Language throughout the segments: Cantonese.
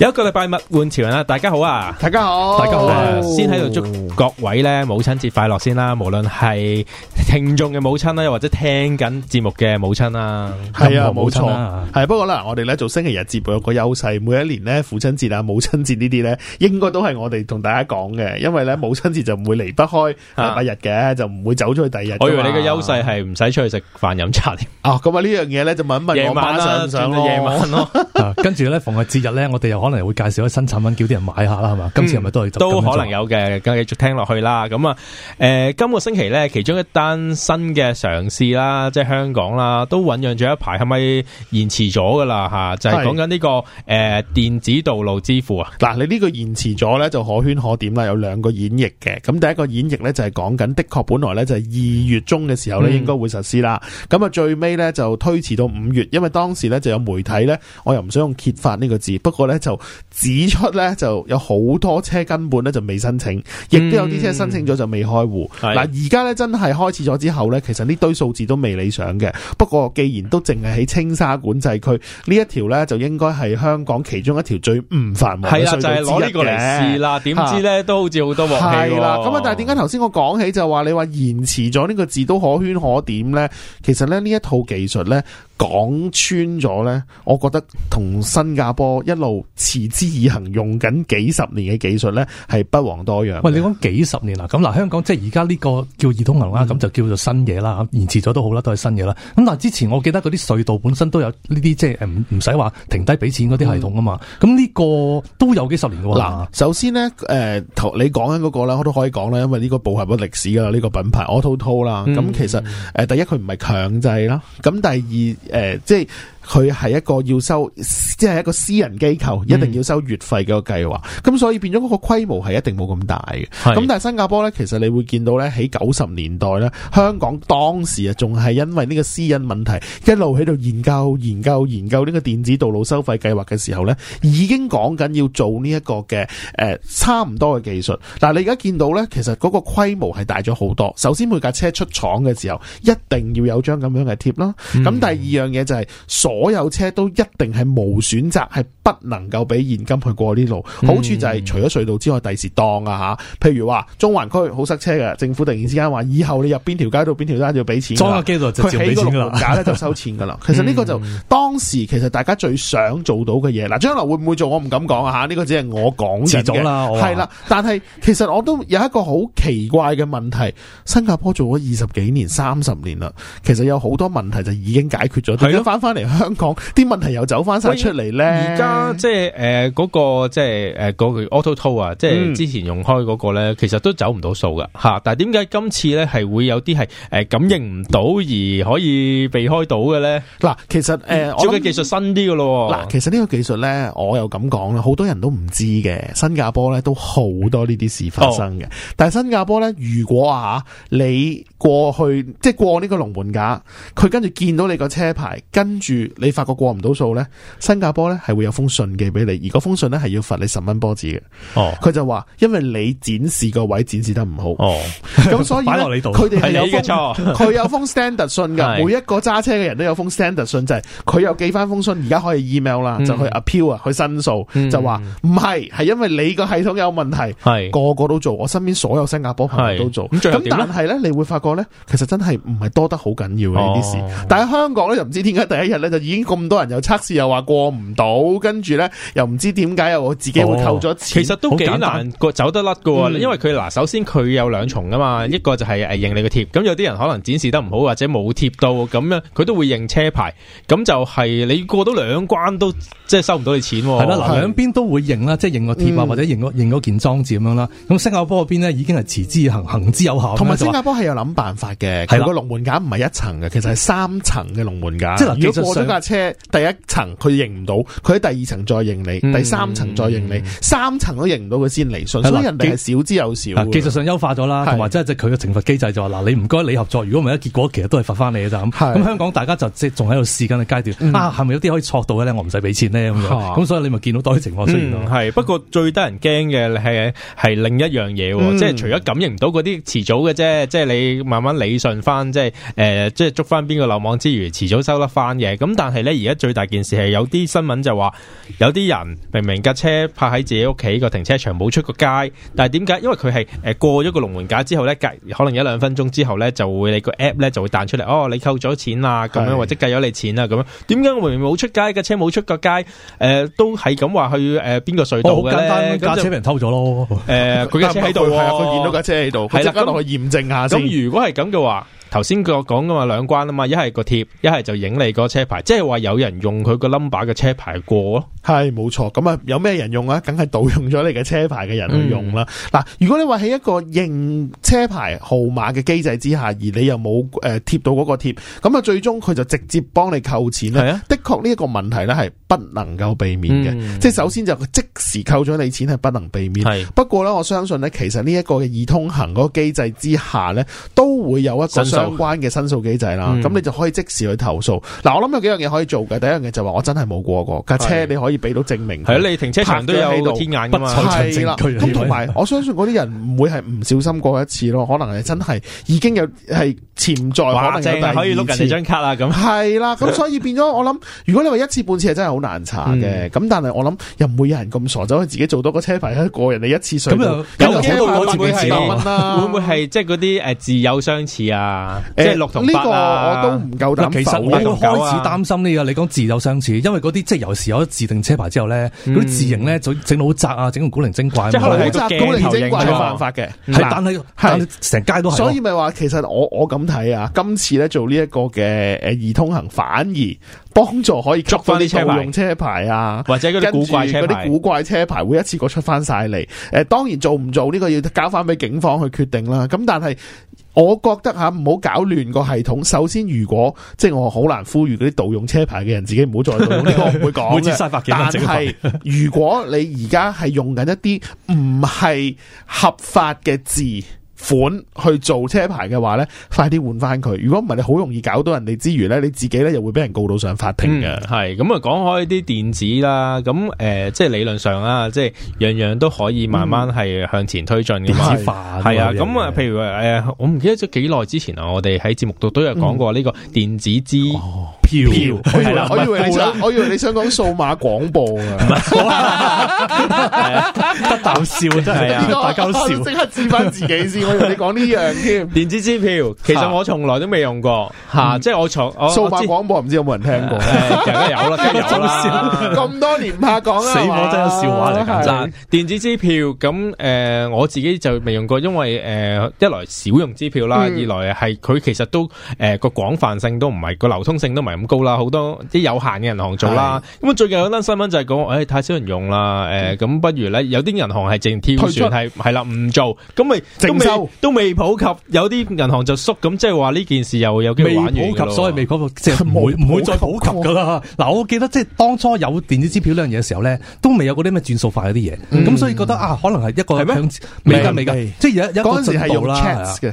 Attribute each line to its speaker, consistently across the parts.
Speaker 1: 有一個禮拜物玩潮人啦，大家好啊，大家好，大家好啊！先喺度祝各位咧母親節快樂先啦，無論係聽眾嘅母親啦，又或者聽緊節
Speaker 2: 目嘅母親啦，任何母親啦，係啊，冇錯，不過啦，我哋咧做星期日節目有個優勢，每一年咧父親節啊、母親節呢啲咧，應該都係我哋同大家講嘅，因為咧母親節就唔會離不開禮拜日嘅，就唔會走出去第二日。我以為你嘅優勢
Speaker 1: 係唔使出去食飯飲茶。
Speaker 2: 啊，咁啊呢樣嘢咧就問一問。夜晚啦，轉咗夜晚咯。
Speaker 3: 跟住咧逢係節日咧，我哋又。可能會介紹一新產品，叫啲人買下啦，係嘛、嗯？今次係咪都係都可能
Speaker 2: 有嘅，繼續聽落去
Speaker 1: 啦。咁、呃、啊，今個星期咧，其中一單新嘅嘗試啦，即係香港啦，都醞釀咗一排，係咪延遲咗噶啦？就係、是、講緊呢、這個誒、呃、電
Speaker 2: 子道路支付啊。嗱、嗯，你呢個延遲咗咧，就可圈可點啦。有兩個演繹嘅，咁第一個演繹咧就係、是、講緊的，的確，本來咧就係二月中嘅時候咧應該會實施啦。咁、嗯、啊，最尾咧就推遲到五月，因為當時咧就有媒體咧，我又唔想用揭發呢個字，不過咧就。指出咧，就有好多車根本咧就未申請，亦都有啲車申請咗就未開戶。嗱、嗯，而家咧真係開始咗之後咧，其實呢堆數字都未理想嘅。不過既然都淨係喺青沙管制區呢一條咧，就應該係香港其中一條最唔繁忙嘅，就係攞呢個嚟試啦。點知咧
Speaker 1: 都好似好多喎，係啦。咁啊，是
Speaker 2: 但係點解頭先我講起就話你話延遲咗呢個字都可圈可點咧？其實咧呢一套技術咧。講穿咗咧，我覺得同新加坡一路持之以恒用緊幾十年嘅技術咧，係不遑多讓。喂，你講
Speaker 3: 幾十年啦？咁嗱，香港即係而家呢個叫易通行啦，咁、嗯、就叫做新嘢啦，延遲咗都好啦，都係新嘢啦。咁嗱，之前我記得嗰啲隧道本身都有呢啲即係唔唔使話停低俾錢嗰啲系統啊嘛。咁、嗯、呢個都有幾十年噶。嗱，首先咧，誒、呃，頭你講緊嗰個咧，我都可以講啦，
Speaker 2: 因為呢個包含咗歷史㗎啦，呢、這個品牌，Autotoll 啦、嗯。咁其實誒、呃，第一佢唔係強制啦，咁第二。誒，即係。佢係一個要收，即係一個私人機構一定要收月費嘅個計劃，咁所以變咗嗰個規模係一定冇咁大嘅。咁但係新加坡咧，其實你會見到咧，喺九十年代咧，香港當時啊，仲係因為呢個私隱問題，一路喺度研究、研究、研究呢個電子道路收費計劃嘅時候咧，已經講緊要做呢一個嘅誒差唔多嘅技術。但，你而家見到咧，其實嗰個規模係大咗好多。首先每架車出廠嘅時候，一定要有張咁樣嘅貼啦。咁第二樣嘢就係所。所有車都一定係無選擇，係不能夠俾現金去過呢度、嗯。好處就係除咗隧道之外，第時當啊吓，譬如話中環區好塞車嘅，政府突然之間話以後你入邊條街到邊條街要俾錢，裝個機度就照俾個路收錢噶啦、嗯。其實呢個就當時其實大家最想做到嘅嘢，嗱，將來會唔會做我唔敢講啊吓，呢個只係我講嘅。遲早啦，係啦，但係其實我都有一個好奇怪嘅問題，新加坡做咗二十幾年、三十年啦，其實有好多問題就已經解決咗。係咯，翻翻嚟香港啲問題又走翻晒出嚟咧，而家
Speaker 1: 即係誒嗰個即係誒嗰個 auto tow 啊，即係之前用開嗰、那個咧、嗯，其實都走唔到數噶吓。但係點解今次咧係會有啲係誒感應唔到而可以避開到嘅咧？嗱，其實誒、呃嗯、我嘅技術新啲噶咯。嗱，
Speaker 2: 其實呢個技術咧，我又咁講啦，好多人都唔知嘅。新加坡咧都好多呢啲事發生嘅、哦，但係新加坡咧，如果啊你。過去即係過呢個龍門架，佢跟住見到你個車牌，跟住你發覺過唔到數咧，新加坡咧係會有封信寄俾你。而嗰封信咧係要罰你十蚊波子嘅。哦，佢就話，因為你展示個位展示得唔好。哦，咁所以咧，佢哋係有封，佢有，有封 standard 信噶。每一個揸車嘅人都有封 standard 信，就係、是、佢有寄翻封信，而家可以 email 啦，嗯，就去 appeal 啊，去申訴，嗯，就話唔係，係因為你個系統有問題。係個個都做，我身邊所有新加坡朋友都做。咁咁，但係咧，你會發覺。其實真係唔係多得好緊要嘅呢啲事，但係香港咧就唔知點解第一日咧就已經咁多人又測試又話過唔到，跟住咧又唔知點解又我自己會扣咗一次，哦、其實都幾難過走得甩
Speaker 1: 噶，嗯、因為佢嗱，首先佢有兩重噶嘛，嗯、一個就係誒認你個貼，咁有啲人可能展示得唔好或者冇貼到咁樣，佢都會認車牌，咁就係你過到兩關都即係、就是、收唔到你錢係、啊、啦，兩
Speaker 3: 邊都會認啦，即係認個貼啊、嗯、或者認嗰認件裝置咁樣啦，咁新加坡嗰邊呢，已經係持之以恆，行之有效，同埋新加坡
Speaker 2: 係有諗辦法嘅，係個龍
Speaker 3: 門架唔係一層嘅，其實係三層
Speaker 2: 嘅龍門架。即係如果過咗架車、嗯，第一層佢認唔到，佢喺第二層再認你，嗯、第三層再認你，三層都認唔到佢先離訊。所以人哋係少之又少。技術上優化咗
Speaker 3: 啦，同埋即係佢嘅懲罰機制就話嗱，你唔該你合作，如果唔係，結果其實都係罰翻你嘅咋。」咁。香港大家就即係仲喺度試緊嘅階段啊，係 咪有啲可以錯到嘅咧？我唔使俾錢呢。咁所以你咪見到多啲情況出現咯。係
Speaker 1: 不過最得人驚嘅係係另一樣嘢、嗯，即係除咗感應唔到嗰啲，遲早嘅啫，即係你。慢慢理順翻，即係誒，即、呃、係捉翻邊個漏網之魚，遲早收得翻嘅。咁但係咧，而家最大件事係有啲新聞就話，有啲人明明架車泊喺自己屋企個停車場，冇出過街。但係點解？因為佢係誒過咗個龍門架之後咧，隔可能一兩分鐘之後咧，就會你個 app 咧就會彈出嚟，哦，你扣咗錢啦、啊，咁樣或者計咗你錢啦、啊，咁樣。點解我明明冇出街，架車冇出過街，誒、呃，都係咁話去誒邊個隧道、哦、好簡單，架車俾
Speaker 3: 人偷咗咯、
Speaker 1: 呃？誒、 啊，佢架車喺度，佢見到架車喺度，係啦，去驗證下如果係咁嘅話。頭先我講噶嘛兩關啊嘛，一係個貼，一係就影你個車牌，即係話有人用佢個 number 嘅車牌過咯。係，冇錯。咁啊，
Speaker 2: 有咩人用啊？梗係盜用咗你嘅車牌嘅人去用啦。嗱、嗯，如果你話喺一個認車牌號碼嘅機制之下，而你又冇誒貼到嗰個貼，咁啊，最終佢就直接幫你扣錢咧。係啊，的確呢一個問題咧係不能夠避免嘅，嗯。即係首先就即時扣咗你錢係不能避免。係。不過咧，我相信咧，其實呢一個嘅易通行嗰個機制之下咧，都會有一個相相關嘅申訴機制啦，咁、嗯、你就可以即時去投訴。嗱、啊，我諗有幾樣嘢可以做嘅。第一樣嘢就話我真係冇過過架車，你可以俾到證明。係啊，你停車場都有天眼噶嘛，啦。咁同埋，我相信嗰啲人唔會係唔小心過一次咯。可能係真係已經有係潛在可能。但、啊、可以碌緊你張
Speaker 1: 卡啦，咁係
Speaker 2: 啦。咁所以變咗，我諗如果你話一次半次係真係好難查嘅。咁、嗯、但係我諗又唔會有人咁傻走去自己做多個車牌啊過人哋一次上。咁有冇可能會係？會唔
Speaker 1: 會係即係嗰啲誒自有相似啊？誒、啊，呢、欸這個我都唔夠膽。其實我都開始擔
Speaker 3: 心呢個，你講字有相似，因為嗰啲即係有時有自定車牌之後咧，啲字形咧就整到好窄啊，整到古靈精怪。嗯、即係好窄，古靈精怪嘅辦法嘅。係、嗯，但係成街都。所以
Speaker 2: 咪話，其實我我咁睇啊，今次咧做呢一個嘅誒，易通行反而幫助可以捉翻啲套用車牌啊，或者嗰啲古怪，車牌，古怪車，牌車牌會一次過出翻晒嚟。誒，當然做唔做呢、這個要交翻俾警方去決定啦。咁但係。我覺得嚇唔好搞亂個系統。首先，如果即係我好難呼籲嗰啲盜用車牌嘅人自己唔好再用呢個，唔 會講。 每次但係 如果你而家係用緊一啲唔係合法嘅字。款去做車牌嘅話呢，快啲換翻佢。如果唔係，你好容易搞到人哋之餘呢，你自己呢又會俾人告到上法庭嘅。
Speaker 1: 係咁啊，講開啲電子啦，咁誒、呃，即係理論上啊，即係樣樣都可以慢慢係向前推進嘅嘛。係啊，咁啊，譬如話誒、呃，我唔記得咗幾耐之前啊，我哋喺節目度都有講過呢個電子支。嗯哦
Speaker 2: 票，我以為你想，我以為你想講數碼廣播啊，得啖笑真係啊！大家都笑，即刻知翻自己先，我以為你
Speaker 1: 講呢樣添。電子支票其實我從來都未用過嚇，即係我從數碼
Speaker 2: 廣播唔知有冇人聽過咧，有啦有啦，咁多年怕講啊！死火，我真係笑話嚟緊。但
Speaker 1: 電子支票咁誒，我自己就未用過，因為誒一來少用支票啦，二來係佢其實都誒個廣泛性都唔係，個流通性都唔係。高啦，好多啲有限嘅銀行做啦。咁啊，最近有單新聞就係講，誒，太少人用啦。誒，咁不如咧，有啲銀行係淨係跳船，係係啦，唔做。咁咪都未都未普及。有啲銀行就縮。咁即係話呢件事又又
Speaker 3: 有機會玩完噶咯。所以未普及，所以未普及，即係唔會唔會再普及噶啦。嗱，我記得即係當初有電子支票呢樣嘢嘅時候咧，都未有嗰啲咩轉數快嗰啲嘢。咁所以覺得啊，可能係一個係咩未噶未噶即係而家有嗰陣時係
Speaker 2: 用 checks 嘅。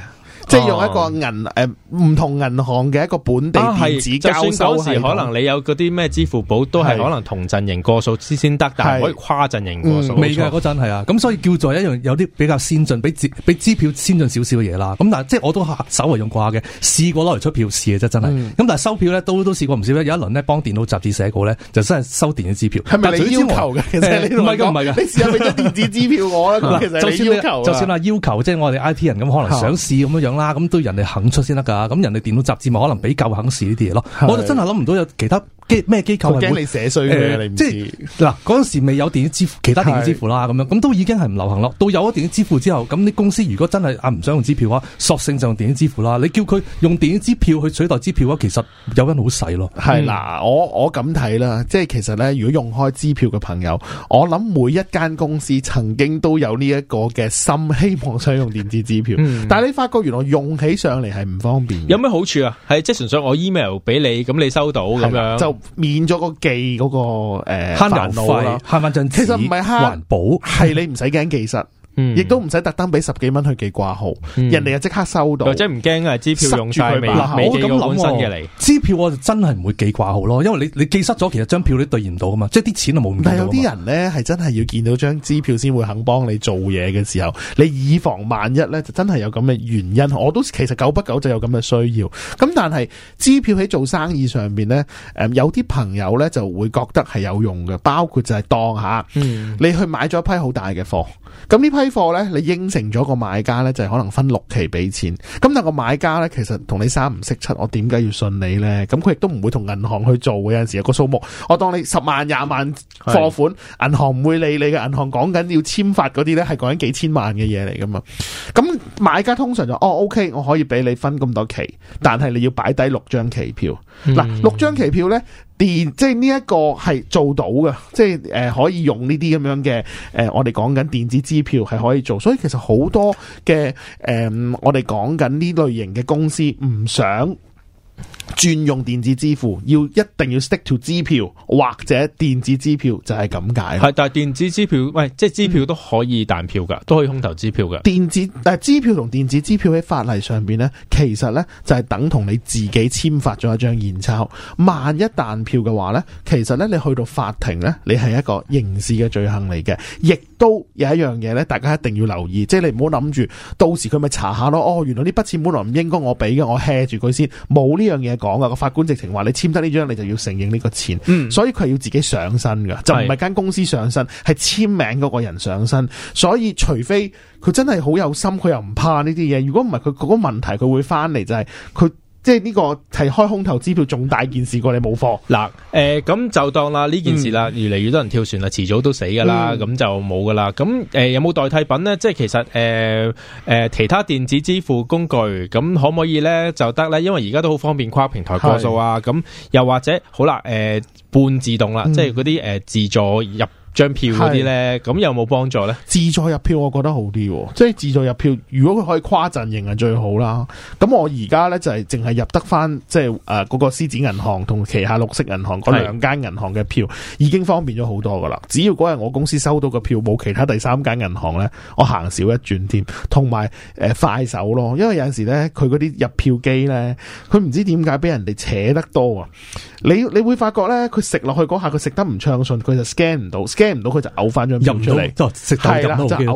Speaker 2: 即係用一個銀誒唔同銀行嘅一個本地電子交
Speaker 1: 收，啊、是當時可能你有嗰啲咩支付寶都係可能同陣營過數先先得，但係可以跨陣營
Speaker 3: 過數。嗯、未嘅嗰陣係啊，咁所以叫做一樣有啲比較先進，比支比支票先進少少嘅嘢啦。咁但即係我都稍為用過下嘅，試過攞嚟出票試嘅啫，真係。咁、嗯、但係收票咧都都試過唔少有一輪咧幫電腦雜誌寫稿咧就真係收電子支票。係咪你要求嘅？其唔係唔係你試下俾咗電子支票我啦。 其實你要求，就算就算要求。就算啦，要求即係我哋 I T 人咁可能想試咁樣樣咁都人哋肯出先得噶，咁人哋電腦雜誌咪可能比較肯試呢啲嘢咯。我就真係諗唔到有其他機咩機構。驚你寫衰嘅即係嗱，嗰陣時未有電子支付，其他電子支付啦，咁樣咁都已經係唔流行咯。到有咗電子支付之後，咁啲公司如果真係啊唔想用支票啊，索性就用電子支付啦。你叫佢用電子支票去取代支票啊，其實有分好細咯。係嗱、嗯，
Speaker 2: 我我咁睇啦，即係其實咧，如果用開支票嘅朋友，我諗每一間公司曾經都有呢一個嘅心，希望想用電子支票。 嗯、但你發覺原來。用起上嚟係唔方便，
Speaker 1: 有咩好處啊？係即係純粹我 email 俾你，咁你收到咁樣，就
Speaker 2: 免咗個寄嗰個誒慳郵費啦，慳翻陣錢。其實唔係慳環保係 你唔使驚技術。嗯、亦都唔使特登俾十幾蚊去寄掛號，嗯、人哋就即刻收到，或者唔驚啊？支票用晒咁，嗱，我咁嚟，
Speaker 3: 支票我就真係唔會寄掛號咯，因為你你寄失咗，其實張票都兌現唔到噶嘛，即係啲錢就冇。但係有啲人咧，係真係要見到張支票先會肯幫你做嘢嘅時候、嗯，你以防萬一咧，就真係有
Speaker 2: 咁嘅原因。我都其實久不久就有咁嘅需要。咁但係支票喺做生意上邊咧，誒、嗯，有啲朋友咧就會覺得係有用嘅，包括就係當下，嗯，你去買咗一批好大嘅貨，咁呢批。批貨咧，你應承咗個買家咧，就係可能分六期俾錢。咁但係個買家咧，其實同你三唔識七，我點解要信你呢？咁佢亦都唔會同銀行去做。有陣時有個數目，我當你十萬、廿萬貨款，銀行唔會理你嘅。銀行講緊要簽發嗰啲咧，係講緊幾千萬嘅嘢嚟噶嘛。咁買家通常就哦，OK，我可以俾你分咁多期，但係你要擺低六張期票。嗱、嗯，六張期票呢。電即係呢一個係做到嘅，即係可以用呢啲咁樣嘅誒，我哋講緊電子支票係可以做，所以其實好多嘅誒、嗯，我哋講緊呢類型嘅公司唔想。轉用電子支付，要一定要 stick to 支票或者電子支票，就係咁解。係，
Speaker 1: 但係電子支票，喂，即係支票都可以彈票噶、嗯，都可以空頭支票噶。電
Speaker 2: 子誒，但係支票同電子支票喺法例上邊呢,其實呢就係等同你自己簽發咗一張現鈔。萬一彈票嘅話呢，其實呢你去到法庭呢，你係一個刑事嘅罪行嚟嘅。亦都有一樣嘢呢，大家一定要留意，即係你唔好諗住到時佢咪查下咯。哦，原來呢筆錢本來唔應該我俾嘅，我吃住佢先，冇呢樣嘢。講噶個法官直情話，你簽得呢張，你就要承認呢個錢，嗯，所以佢係要自己上身噶，就唔係間公司上身，係簽名嗰個人上身。所以除非佢真係好有心，佢又唔怕呢啲嘢。如果唔係，佢嗰個問題佢會翻嚟就係佢。即係呢個係開空頭支票仲大、呃、件事過你冇貨
Speaker 1: 嗱，誒咁就當啦呢件事啦，越嚟越多人跳船啦，遲早都死噶啦，咁、嗯、就冇噶啦。咁誒、呃、有冇代替品呢？即係其實誒誒、呃呃、其他電子支付工具咁可唔可以呢？就得呢，因為而家都好方便跨平台過數啊。咁又或者好啦，誒、呃、半自動啦，嗯、即係嗰啲誒自助入。張票嗰啲呢，咁有冇幫助呢？
Speaker 2: 自助入票我覺得好啲，即係自助入票，如果佢可以跨陣營係最好啦。咁我而家呢，就係淨係入得翻，即係誒嗰個獅子銀行同旗下綠色銀行嗰兩間銀行嘅票，已經方便咗好多噶啦。只要嗰日我公司收到個票，冇其他第三間銀行呢，我行少一轉添。同埋誒快手咯，因為有陣時呢，佢嗰啲入票機呢，佢唔知點解俾人哋扯得多啊！你你會發覺呢，佢食落去嗰下，佢食得唔暢順，佢就 scan 唔到。驚唔到佢就嘔
Speaker 3: 翻張，入唔到嚟，就食翻張票。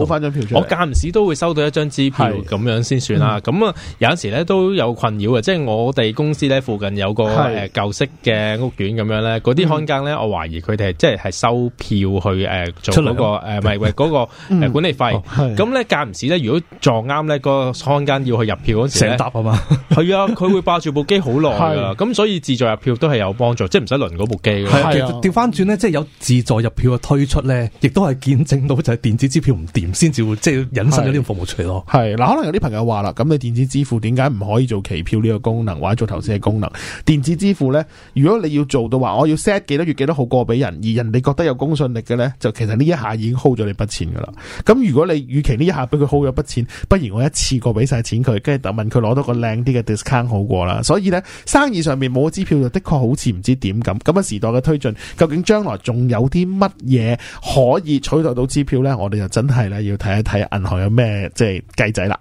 Speaker 3: 我
Speaker 1: 間唔時都會收到一張支票咁樣先算啦。咁、嗯、啊，有陣時咧都有困擾嘅，即係我哋公司咧附近有個誒舊、欸、式嘅屋苑咁樣咧，嗰啲看更咧，我懷疑佢哋即係係收票去誒做嗰、嗰個誒，唔係喂嗰個誒管理費。咁咧間唔時咧，如果撞啱咧個看更要去入票嗰時，成沓啊嘛，係 啊，佢會霸住部機好耐噶。咁所以自助入票都係有幫助，即係唔使輪嗰部機。係啊，
Speaker 3: 調翻轉咧，即係有自助入票嘅推。推出呢，亦都係見證到就係電子支票唔掂，先至會即係引申咗呢個服務出嚟咯。係嗱、啊，可能有啲朋友話
Speaker 2: 啦，咁你電子支付點解唔可以做期票呢個功能，或者做投資嘅功能？電子支付呢，如果你要做到話，我要 set 幾多月幾多號過俾人，而人哋覺得有公信力嘅呢，就其實呢一下已經 hold 咗你筆錢噶啦。咁如果你與其呢一下俾佢 hold 咗筆錢，不如我一次過俾晒錢佢，跟住等問佢攞多個靚啲嘅 discount 好過啦。所以呢，生意上面冇支票就的確好似唔知點咁。咁啊，時代嘅推進，究竟將來仲有啲乜嘢？可以取代到支票咧，我哋就真係咧要睇一睇銀行有咩即係雞仔啦。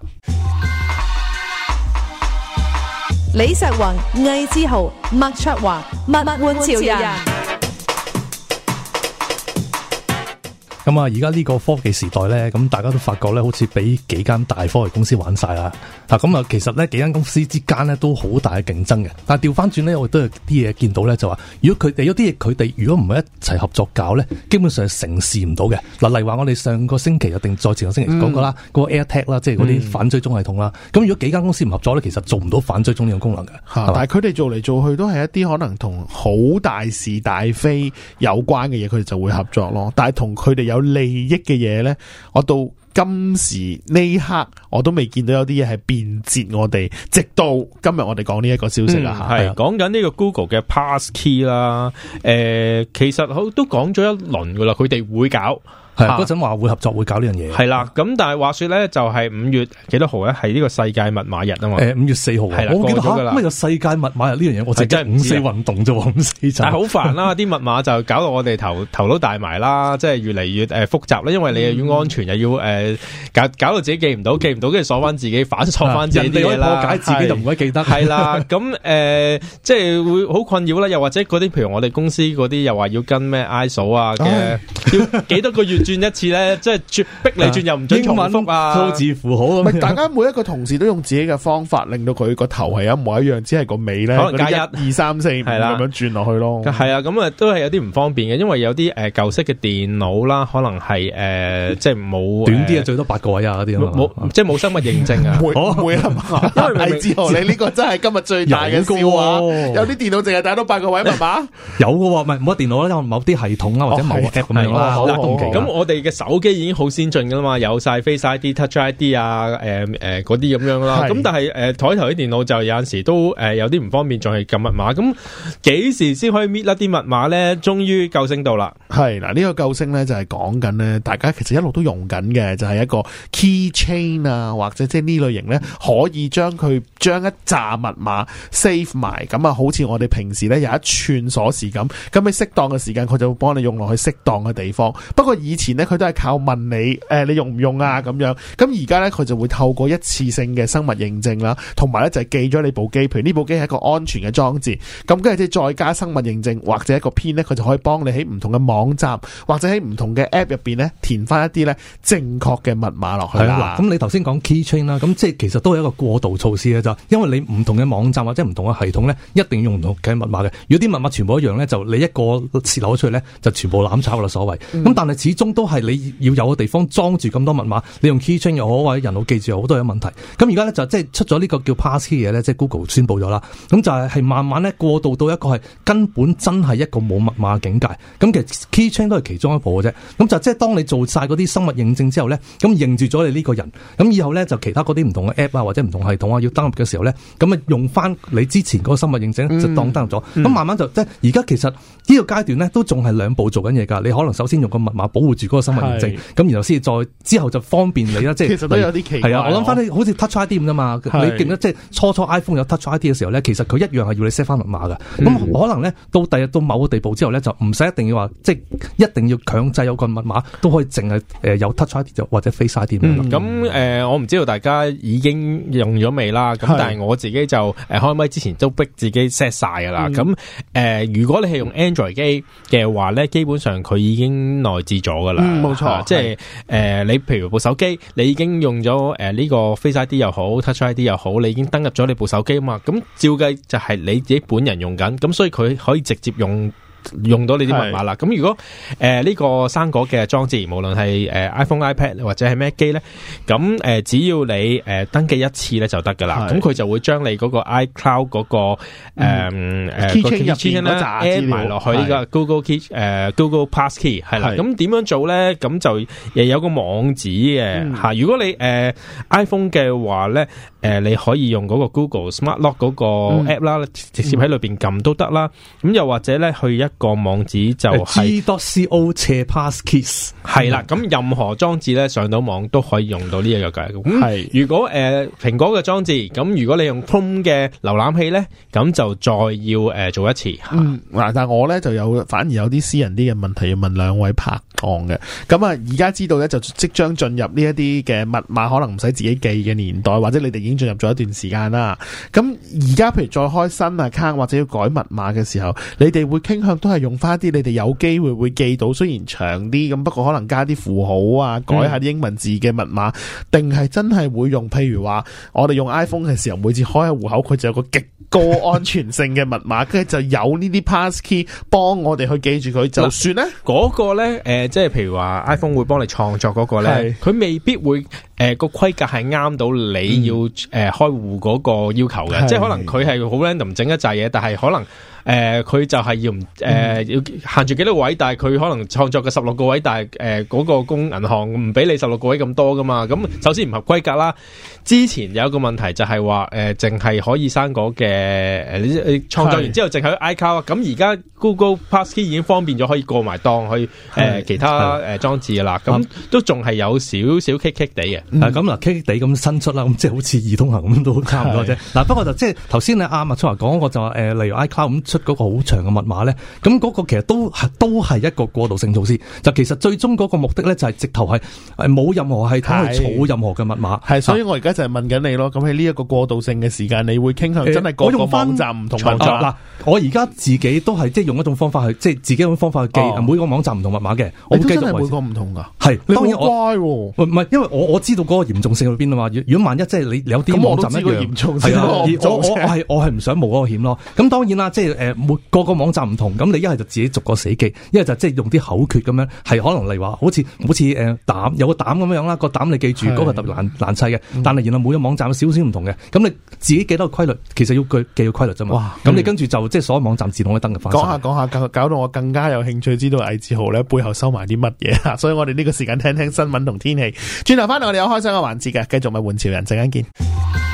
Speaker 3: 李石宏、魏志豪、麥卓華、麥麥換潮人。咁啊，而家呢個科技時代咧，咁大家都發覺咧，好似俾幾間大科技公司玩晒啦。嗱，咁啊，其實咧幾間公司之間咧都好大嘅競爭嘅。但係調翻轉咧，我都係啲嘢，見到咧，就話如果佢哋有啲嘢，佢哋如果唔係一齊合作搞咧，基本上係成事唔到嘅。嗱，例如話我哋上個星期啊，定再前個星期講過啦，嗰、嗯嗰個 AirTag 啦，即係嗰啲反追蹤系統啦。咁、嗯、如果幾間公司唔合作咧，其實做唔到反追蹤呢樣功能嘅啊。但
Speaker 2: 係佢哋做嚟做去都係一啲可能同好大是大非有關嘅嘢，佢哋就會合作咯。但係同佢哋有有利益嘅嘢呢，我到今時呢刻我都未見到有啲嘢係便捷我哋，直到今日我哋講呢一個消息啦，係
Speaker 1: 講緊呢個 Google 嘅 Passkey 啦，呃，誒，其實好都講咗一輪噶啦，佢哋會搞。嗰陣話會合作、啊、會搞呢樣嘢，係啦。咁但係話說咧，就係五月幾多號咧？係呢個世界密碼日、欸、日啊嘛。誒，五月四號啊，我唔記得㗎啦，咩
Speaker 3: 個世界密碼日呢樣嘢？我淨係五四運
Speaker 1: 動咋喎，五四就。但係好煩啦，啲 密碼就搞到我哋頭頭腦大埋啦，即係越嚟越誒、呃、複雜啦，因為你要安全、嗯、又要誒、呃、搞搞到自己記唔到，記唔到跟住鎖翻自己，反鎖翻自己啲嘢啦。破解自己就唔鬼記得的的。係 啦，咁誒、呃，即係會好困擾啦。又或者嗰啲譬如我哋公司嗰啲，又話要跟咩 ISO 啊嘅，要幾多個月？轉一次咧，即係逼你轉又唔准重複啊，數字
Speaker 2: 符號咁。大家每一個同事都用自己嘅方法，令到佢個頭係一模一樣，只係個尾咧可能加一、二、三、四、五，係啦咁樣轉落去咯。
Speaker 1: 係啊，咁啊都係有啲唔方便嘅，因為有啲誒、呃、舊式嘅電腦啦，可能係誒、呃、即係冇、呃、短啲啊，最多八個位啊嗰啲冇即係冇生物認證啊。唔
Speaker 2: 會啊嘛，黎志豪， 明明你呢個真係今日最大嘅笑話。有啲、啊啊啊、電腦淨係打多八個位，係嘛？
Speaker 3: 有嘅喎，唔係冇乜電腦啦，有某啲系統啊、哦，或者某 app 咁樣啦，咁、啊。
Speaker 1: 我哋嘅手機已經好先進噶啦嘛，有晒 Face ID、Touch ID 啊，誒誒嗰啲咁樣啦。咁但係誒、呃、台頭啲電腦就有陣時都誒、呃、有啲唔方便，仲係撳密碼，咁幾時先可以搣甩啲密碼咧？終於救星到啦。
Speaker 2: 係嗱，呢、這個救星咧就係講緊咧，大家其實一路都用緊嘅，就係、是、一個 keychain 啊，或者即係呢類型咧，可以將佢將一紮密碼 save 埋。咁啊，好似我哋平時咧有一串鎖匙咁，咁喺適當嘅時間佢就會幫你用落去適當嘅地方。不過以前。前咧佢都係靠問你，誒你用唔用啊？咁樣咁而家咧佢就會透過一次性嘅生物認證啦，同埋咧就係記咗你部機，譬如呢部機係一個安全嘅裝置，咁跟住即再加生物認證或者一個 PIN 咧，佢就可以幫你喺唔同嘅網站或者喺唔同嘅 App 入邊
Speaker 3: 咧填翻一啲咧正確嘅密碼落去啦。嗱，咁你頭先講 keychain 啦，咁即係其實都係一個過渡措施嘅就，因為你唔同嘅網站或者唔同嘅系統咧，一定用唔同嘅密碼嘅。如果啲密碼全部一樣咧，就你一個泄露咗出去咧，就全部攬炒啦所謂。咁、嗯、但係始終。都係你要有個地方裝住咁多密碼，你用 keychain 又好或者人腦記住又好都有問題。咁而家咧就即係出咗呢個叫 passkey 嘅嘢，咧即係 Google 宣布咗啦。咁就係係慢慢咧過渡到一個係根本真係一個冇密碼嘅境界。咁其實 keychain 都係其中一步嘅啫。咁就即係當你做晒嗰啲生物認證之後咧，咁認住咗你呢個人，咁以後咧就其他嗰啲唔同嘅 app 啊或者唔同系統啊要登入嘅時候咧，咁啊用翻你之前嗰個生物認證就當登入咗。咁、嗯嗯、慢慢就即係而家其實呢個階段咧都仲係兩步做緊嘢噶。你可能首先用個密碼保護如果個生物認證咁然後先至再之後就方便你啦，即係其實都有啲奇係啊！我諗翻咧，好似 Touch ID 咁啊嘛，你記得即係初初 iPhone 有 Touch ID 嘅時候咧，其實佢一樣係要你 set 翻密碼㗎。咁、嗯、可能咧，到第日到某個地步之後咧，就唔使一定要話，即係一定要強制有個密碼，都可以淨係有 Touch ID 就或者 Face ID 咁、嗯。咁、
Speaker 1: 嗯呃、我唔知道大家已經用咗未啦。咁但係我自己就誒開咪之前都逼自己 set 晒噶啦？咁、嗯呃、如果你係用 Android 機嘅話咧，基本上佢已經內置咗噶嗯，冇錯，啊，即係誒，呃，你譬如部手機，你已經用咗誒呢個 Face ID 又好，Touch ID 又好，你已經登入咗你部手機啊嘛，咁照計就係你自己本人用緊，咁所以佢可以直接用。用到你啲密碼啦，咁如果誒呢、呃這個生果嘅裝置，無論係誒、呃、iPhone、iPad 或者係咩機咧，咁誒、呃、只要你誒、呃、登記一次咧就得噶啦，咁佢就會將你嗰個 iCloud 嗰、那個誒誒 Keychain 入邊咧 add 埋落去呢個 Google Key 誒、uh, Google Pass Key 係啦。咁點樣做咧？咁就誒有一個網址嘅嚇、嗯啊。如果你誒、呃、iPhone 嘅話咧，誒、呃、你可以用嗰個 Google Smart Lock 嗰個 app 啦，嗯、直接喺裏邊撳都得啦。咁、嗯、又或者咧去一個網址就係 g.co/passkeys，係啦，咁、嗯、任何裝置咧上到網都可以用到呢一個計。嗯，如果誒蘋、呃、果嘅裝置，咁如果你用 Chrome 嘅瀏覽器咧，咁就再要誒、呃、做一次吓。
Speaker 2: 嗱、啊嗯，但係我咧就有反而有啲私人啲嘅問題要問兩位拍檔嘅。咁啊，而家知道咧就即將進入呢一啲嘅密碼可能唔使自己記嘅年代，或者你哋已經進入咗一段時間啦。咁而家譬如再開新啊卡或者要改密碼嘅時候，你哋會傾向？都係用翻啲你哋有機會會記到，雖然長啲咁，不過可能加啲符號啊，改下啲英文字嘅密碼，定、嗯、係真係會用？譬如話我哋用 iPhone 嘅時候，每次開下戶口，佢就有個極高安全性嘅密碼，跟 住就有呢啲 passkey 幫我哋去記住佢，就算呢
Speaker 1: 嗰、嗰個呢，誒、呃，即係譬如話 iPhone 會幫你創作嗰個呢，佢未必會誒個規格係啱到你、嗯、要誒、呃、開戶嗰個要求嘅，即係可能佢係好 random 整一紮嘢，但係可能。誒、呃，佢就係要唔誒、呃、要限住幾多位，但係佢可能創作嘅十六個位，但係誒嗰個公銀行唔俾你十六個位咁多噶嘛。咁首先唔合規格啦。之前有一個問題就係話，誒淨係可以生果嘅，創、呃、作完之後淨係 iCar。咁而家 Google Passkey 已經方便咗，可以過埋檔去誒其他誒裝、啊、置噶啦。咁都仲係有少少棘棘地
Speaker 3: 嘅。咁嗱棘棘地咁新出啦，咁即係好似易通行咁 都差唔多啫。嗱，不過就即係頭先你阿麥初華講，我、 啊、就話誒、啊就是呃、例如 iCar 咁。出嗰個好長嘅密碼咧，咁、那、嗰個其實都係都係一個過渡性措施。就其實最終嗰個目的咧、就是，就係直頭係冇任何系統去儲任何嘅密碼。係，所以
Speaker 2: 我而家就係問緊你咯。咁喺
Speaker 3: 呢一個過渡性嘅時間，你會傾向真係、欸、我用翻唔同網站嗱，我而家自己都係即係用一種方法去，即係自己嗰種方法去記、啊、每個網站唔同嘅密碼嘅。我會記真係每個
Speaker 2: 唔同噶，係當然我
Speaker 3: 唔係、哦，因為我我知道嗰個嚴重性喺邊啊嘛。如果萬一即係你有啲網站一樣嚴重，性、啊。我我係我係唔想冒個險咯。咁當然啦，即係。誒，每個個網站唔同，咁你一係就自己逐個死記，一係就即係用啲口訣咁樣，係可能例如話好似好似誒膽有個膽咁樣啦，個膽你記住，嗰、嗰個特別難難砌嘅，但係然後每個網站有少少唔同嘅，咁你自己記得規律，其實要記記個規律咋嘛？咁你跟住就即係、嗯、所有網站自動去登入。講
Speaker 2: 下講下，搞到我更加有興趣，知道魏志豪咧背後收埋啲乜嘢。所以我哋呢個時間聽聽新聞同天氣，轉頭翻嚟我哋有開箱嘅環節嘅，繼續咪物玩潮人，陣間見。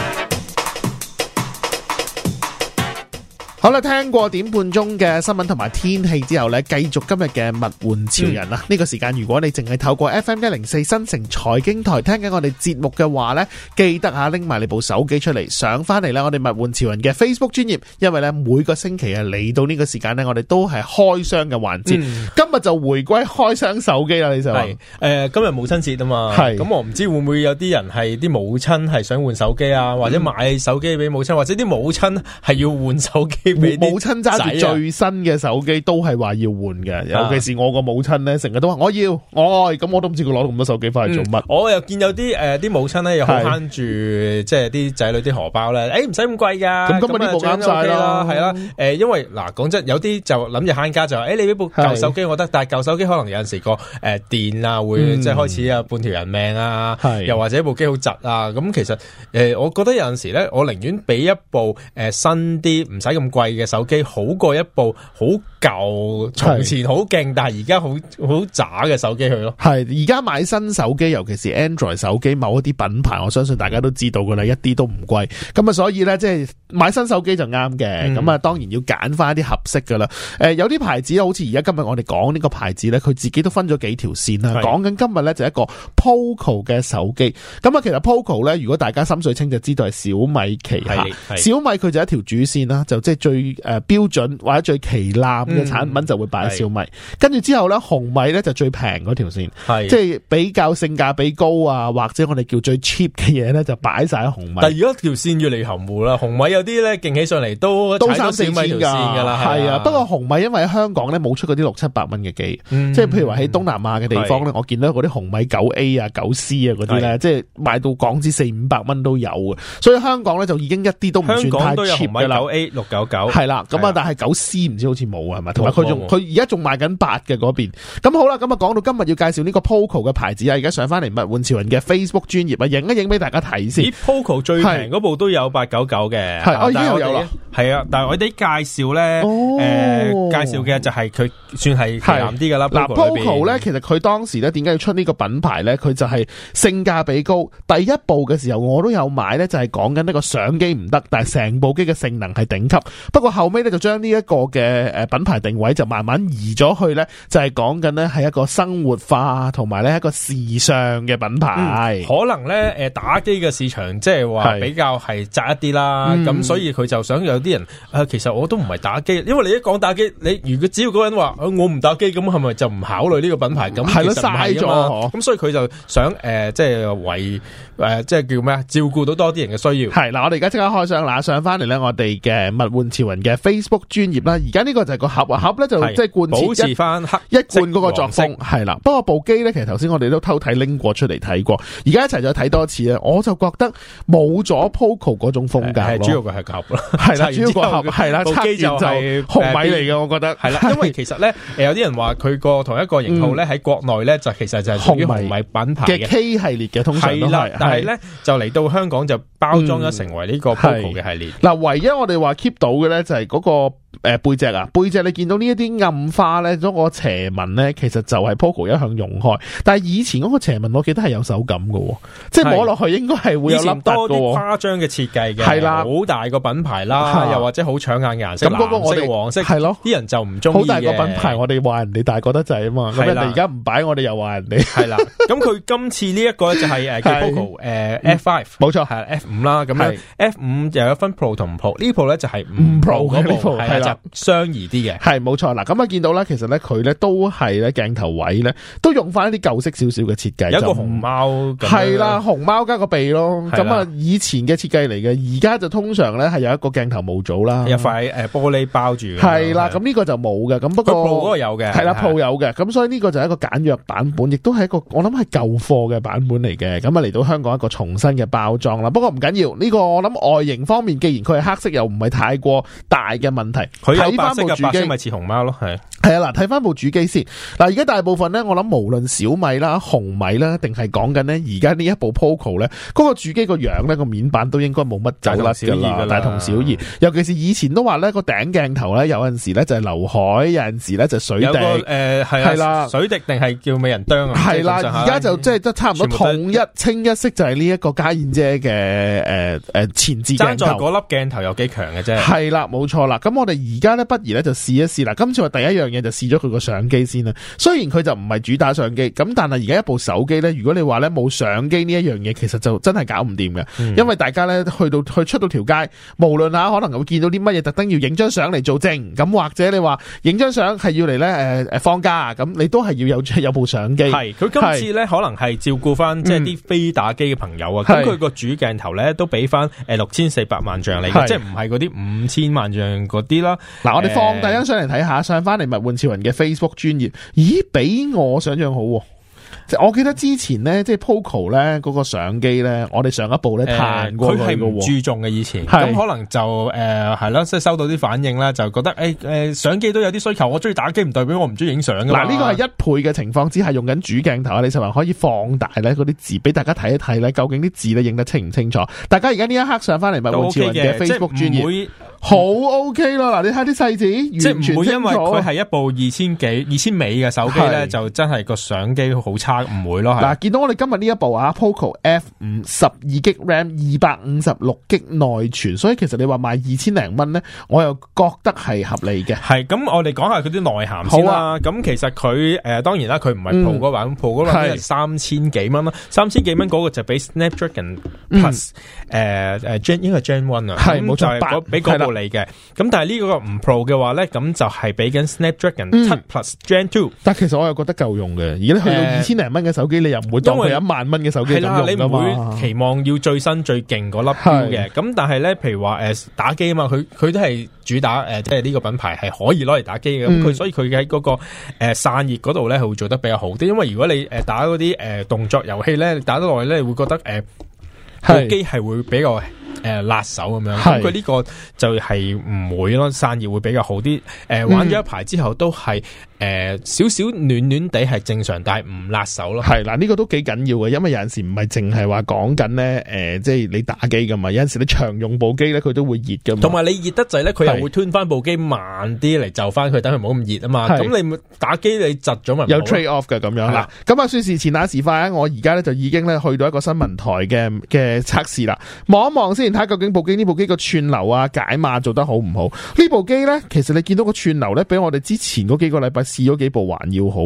Speaker 2: 好啦，聽過點半鐘嘅新聞同埋天氣之後呢，繼續今日嘅物玩潮人啊！呢、嗯這個時間，如果你淨係透過 F M 一零四新城財經台聽緊我哋節目嘅話呢，記得啊，拎埋你部手機出嚟上翻嚟呢，我哋物玩潮人嘅 Facebook 專頁，因為呢每個星期啊，嚟到呢個時間呢，我哋都係開箱嘅環節。今日就回歸開箱手機啦，你就話誒，今日母親節啊嘛，係咁我唔知會唔會有啲人係啲母
Speaker 1: 親係想換手機啊，或者買手機俾母親，或者啲母親係要換手機。母親揸住最
Speaker 2: 新嘅手機都係話要換嘅，尤其是我個母親咧，成日都話我要，我咁我都唔知佢攞咁多手機翻嚟做乜。
Speaker 1: 我又見有啲誒，啲母親咧又好慳住，即係啲仔女啲荷包咧，誒唔使咁貴噶。咁今日啲部慳晒咯，係啦。誒，因為嗱，講真，有啲就諗住慳家就話，誒，你俾部舊手機我得，但係舊手機可能有陣時個誒電啊，會即係開始啊，半條人命啊，又或者部機好窒啊。咁其實誒，我覺得有陣時咧，我寧願俾一部誒新啲，唔使咁貴。貴
Speaker 2: 嘅手機好過一部好舊，從前好勁，但係而家好好渣嘅手機去咯。係而家買新手機，尤其是 Android 手機，某一啲品牌，我相信大家都知道噶啦，一啲都唔貴。咁啊，所以呢，即係買新手機就啱嘅。咁、嗯、啊，當然要揀翻啲合適噶啦。誒，有啲牌子好似而家今日我哋講呢個牌子呢，佢自己都分咗幾條線啦。講緊今日呢，就係一個 Poco 嘅手機。咁啊，其實 Poco 呢，如果大家心水清就知道係小米旗下，小米佢就一條主線啦，就即係最誒標準或者最旗艦嘅產品就會擺喺小米，跟、嗯、住之後咧紅米咧就最平嗰條線，是即係比較性價比高啊，或者我哋叫最 cheap 嘅嘢咧就擺晒喺紅米。但係
Speaker 1: 而家條線越嚟越含糊啦，紅米有啲咧勁起上嚟都米的都三四千的條線㗎啦，係啊，啊。不
Speaker 2: 過紅米因為喺香港咧冇出嗰啲六七百蚊嘅機，即、嗯、係譬如話喺東南亞嘅地方咧，我見到嗰啲紅米九 A 啊、九 C 啊嗰啲咧，即係賣到港紙四五百蚊都有嘅，所以香港咧就已經一啲都唔算太 cheap 啦。紅米九 A 六九九。係啦，咁啊，但係九 C 唔知好似冇啊，係咪？同埋佢仲佢而家仲賣緊八嘅嗰邊。咁好啦，咁啊，講到今日要介紹呢個 Poco 嘅牌子啊，而家上返嚟物玩潮人嘅 Facebook 專頁啊，影一影俾大家睇先。
Speaker 1: Poco 最平嗰部都有八九九嘅，係啊，呢有啦。係啊，但係我啲介紹咧，誒、哦呃，介紹嘅就係佢算係旗艦啲㗎啦。嗱，Poco 咧，
Speaker 2: 其實佢當時咧，點解要出呢個品牌咧？佢就係性價比高。第一部嘅時候我都有買咧，就係講緊呢個相機唔得，但係成部機嘅性能係頂級。不過後尾咧就將呢一個嘅誒品牌定位就慢慢移咗去咧，就係講緊咧係一個生活化同埋咧一個時尚嘅品牌。嗯、可
Speaker 1: 能咧誒打機嘅市場即係話比較係窄一啲啦，咁、嗯、所以佢就想啲人其實我都唔係打機，因為你一講打機，你如果只要嗰個人話我唔打機，咁係咪就唔考慮呢個品牌？咁係咯，嘥咗咁，所以佢就想誒、呃，即係為誒、呃，即係叫咩
Speaker 2: 啊？照顧到多啲人嘅需要。係。嗱，我哋而家即刻開箱嗱，上翻嚟咧，我哋嘅物玩潮人嘅 Facebook 專頁啦。而家呢個就係個盒啊，盒咧、嗯、就即係貫保持翻黑一貫嗰個作風係啦。不過部機咧，其實頭先我哋都偷睇拎過出嚟睇過，而家一齊再睇多次呢，我就覺得冇咗 Poco 嗰種風格。主要佢係盒啦，係啦。 主要係啦，部機就係、是呃、紅米嚟嘅，
Speaker 1: 我覺得係啦。因為其實咧，誒、 呃、有啲人話佢個同一個型號咧喺、嗯、國內咧就其實就係紅米品牌嘅 K
Speaker 2: 系列嘅，通常都係，但係咧、
Speaker 1: 嗯、就嚟到香港就包裝咗成為呢個 Poco 嘅系列。
Speaker 2: 嗱、嗯，唯一我哋話 keep 到嘅咧就係嗰、那個。誒背脊啊，背脊你見到呢一啲暗花咧，嗰、嗰個斜紋咧，其實就係 Poco 一向用開，但係以前嗰個斜紋我記得係有手感喎，即係摸落去應該係會有粒粒多啲誇
Speaker 1: 張嘅設計嘅，係啦，好大個品牌啦，又或者好搶眼嘅顏色，我、啊、藍色、黃色，係咯，啲人就唔中
Speaker 2: 意嘅。好大個品牌，我哋話人哋大個得滯啊嘛，咁你哋而家
Speaker 1: 唔擺，我哋又話人哋係啦。咁佢 今次呢一個咧就係、是、誒 Poco、呃、F5，冇錯係 F 五啦，咁 F 五又有一分 Pro 同 Pro 呢 Pro 咧就係唔 Pro 嗰
Speaker 2: 相宜啲嘅係冇錯嗱，咁啊見到咧，其實咧佢咧都係咧鏡頭位咧都用翻啲舊式少少嘅設計，有一個熊
Speaker 1: 貓係啦，
Speaker 2: 熊貓加個鼻咯，咁啊以前嘅設計嚟嘅，而家就通常咧係有一個鏡頭模組啦，有一塊誒玻
Speaker 1: 璃包住係
Speaker 2: 啦，咁呢、嗯這個就冇嘅，咁不過 Pro 嗰個有嘅係啦，Pro 有嘅，咁所以呢個就係一個簡約版本，亦都係一個我諗係舊貨嘅版本嚟嘅，咁啊嚟到香港一個重新嘅包裝啦。不過唔緊要，呢、這個我諗外形方面，既然佢係黑色，又唔係太過大嘅問題。睇翻部主機咪
Speaker 1: 似熊貓咯，係
Speaker 2: 係啊嗱，睇翻部主機先嗱，而家大部分咧，我諗無論小米啦、紅米啦，定係講緊呢而家呢一部 Poco 咧，嗰、那個主機個樣咧，個面板都應該冇乜走啦，就是、小二大同小異，尤其是以前都話咧個頂鏡頭咧，有陣時咧就係流海，有陣時咧就水滴，誒係啦，
Speaker 1: 水滴定係叫美人啄？係係啦，而、就、家、是、就即
Speaker 2: 係都差唔多統一清一色，就係呢一個家燕姐嘅誒、呃呃、前置鏡頭嗰
Speaker 1: 粒鏡頭有幾強嘅啫，
Speaker 2: 係啦、啊，冇錯啦，咁我哋而家咧，不如咧就試一試啦。今次話第一樣嘢就試咗佢個相機先啦。雖然佢就唔係主打相機，咁但係而家一部手機咧，如果你話咧冇相機呢一樣嘢，其實就真係搞唔掂嘅。嗯、因為大家咧去到去出到條街，無論嚇、啊、可能會見到啲乜嘢，特登要影張相嚟做證。咁或者你話影張相係要嚟咧誒誒放假，咁你都係要有有部相機。係佢今次
Speaker 1: 咧可能係照顧翻、嗯、即係啲非打機嘅朋友啊。咁佢個主鏡頭咧都俾翻誒六千四百萬像嚟，即係唔係嗰啲五千萬像嗰啲啦。
Speaker 2: 嗱、嗯，我哋放大張相嚟睇下，上翻嚟物玩潮人嘅 Facebook 專頁，咦，比我想象好。我記得之前呢，即係 Poco 咧嗰個相機咧，我哋上一部咧太過佢注重
Speaker 1: 嘅以前，咁可能就誒係啦，即係收到啲反應啦，就覺得誒誒相機都有啲需求，我中意打機唔代表我唔中意影相噶。嗱，呢個係一
Speaker 2: 倍嘅情況，只係用緊主鏡頭，你仲還可以放大咧，嗰啲字俾大家睇一睇咧，究竟啲字咧影得清唔清楚？大家而家呢一刻上翻嚟咪物玩潮人嘅 Facebook 專頁，即係會好 OK 咯。嗱，你睇啲細字，即係唔會因為佢係一
Speaker 1: 部二千幾、二千美嘅手機咧，就真係個相機好。差唔會咯，嗱，
Speaker 2: 見到我哋今日呢一部啊，Poco F5 十二 G RAM 二百五十六 G 內存，所以其實你話賣二千零蚊咧，我又覺得係合理嘅。係
Speaker 1: 咁，我哋講下佢啲內涵先好啊，咁其實佢誒、呃、當然啦，佢唔係 Pro 嗰個 Pro 嗰個係三千幾蚊啦，三千幾蚊嗰個就俾 Snapdragon Plus 誒誒 Gen 應該係 Gen One 啊，咁冇錯係俾嗰個你嘅。咁但係呢個唔 Pro 嘅話咧，咁就係俾緊 Snapdragon 七
Speaker 2: Plus、嗯、Gen Two。但其實我又覺得夠用嘅，而家去到二千零蚊嘅手機，你又唔會當佢一萬蚊嘅手機用嘅嘛？你唔會期
Speaker 1: 望要最新最勁嗰粒嘅咁，但係咧，譬如話誒、呃、打機啊嘛，佢佢都係主打誒，即係呢個品牌係可以攞嚟打機嘅。咁、嗯、佢所以佢喺嗰個誒、呃、散熱嗰度咧，係會做得比較好啲。因為如果你誒打嗰啲誒動作遊戲咧，你打得耐咧，會覺得誒部機係會比較誒辣、呃、手咁樣。咁佢呢、嗯、個就係唔會咯，散熱會比較好啲。誒、呃、玩咗一排之後都係。嗯誒、呃，少少暖暖地係正常，但係唔辣手咯。係
Speaker 2: 嗱、呢、這個都幾緊要嘅，因為有陣時唔係淨係話講緊呢，誒、呃，即、就、係、是、你打機噶嘛，有陣時你長用部機咧，佢都會熱噶嘛。同埋你熱得滯咧，佢又會吞翻部
Speaker 1: 機慢啲嚟，就翻佢，等佢冇咁熱啊嘛。咁你打機你窒咗嘛，有 trade off 嘅咁
Speaker 2: 樣。嗱，咁啊，說時遲那時快啊，我而家咧就已經咧去到一個新聞台嘅嘅測試啦，望一望先，睇究竟部機呢，部機個串流啊解碼做得好唔好？呢部機咧，其實你見到個串流咧，比我哋之前嗰幾個禮拜。試咗幾部還要好，